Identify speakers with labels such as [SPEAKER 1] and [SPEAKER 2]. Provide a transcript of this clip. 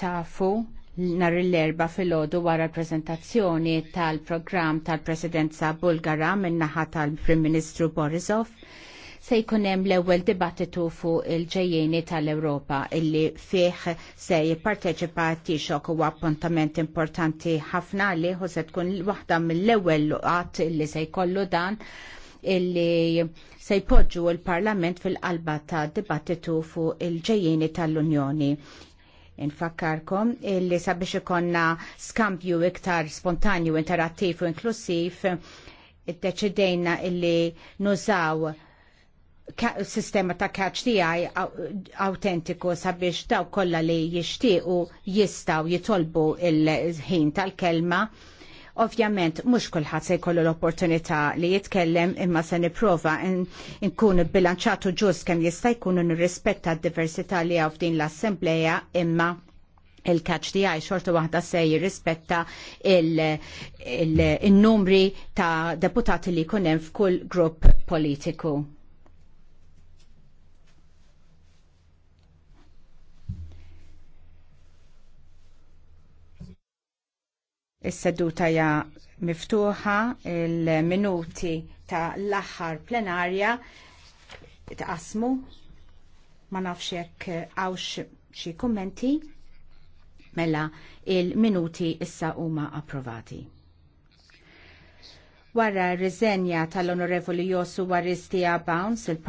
[SPEAKER 1] tafu nar l-erba fil-ħodu wara prezentazzjoni tal-programm tal-presidenza Bulgara minnaħa tal-Prim Ministru Borisov se jkunem l ewwel dibattitu fuq il-ġejjeni tal-Europa illi fih se jipparteċipa tixok u appuntament importanti ħafna li se tkun waħda mill ewwel luqat illi se jkollu dan illi se jpoġġu l-Parlament fil-qalba ta' dibattitu fuq il-ġejjeni tal-Unjoni. Infakkarkom illi sabiex ikonna skampju iktar spontanju, interattiv u inklusiv, id-deċidejna illi nużaw sistema ta' catch tiegħi autentiku sabiex daw kollha li jixtiequ jistgħu jitolbu il-ħin tal-kelma Ovvjament, mhux kulħadd se jkollu l-opportunità li jitkellem imma se nipprova nkun bilanċatu ġust kemm jista' jkun nirrispetta d-diversità li hawn f'din l-assembleja imma il-catch di għaj xorta wahda se jirrispetta il-numri ta' deputati li kunem f'kull grupp politiku. Is-seduta ja miftuħa il-minuti ta' l-aħħar plenarja tqasmu ma nafx jekk għawx xi kummenti mela il-minuti issa huma approvati. Wara r-riżenja tal-Onorevoli Josu Waristia Bounce il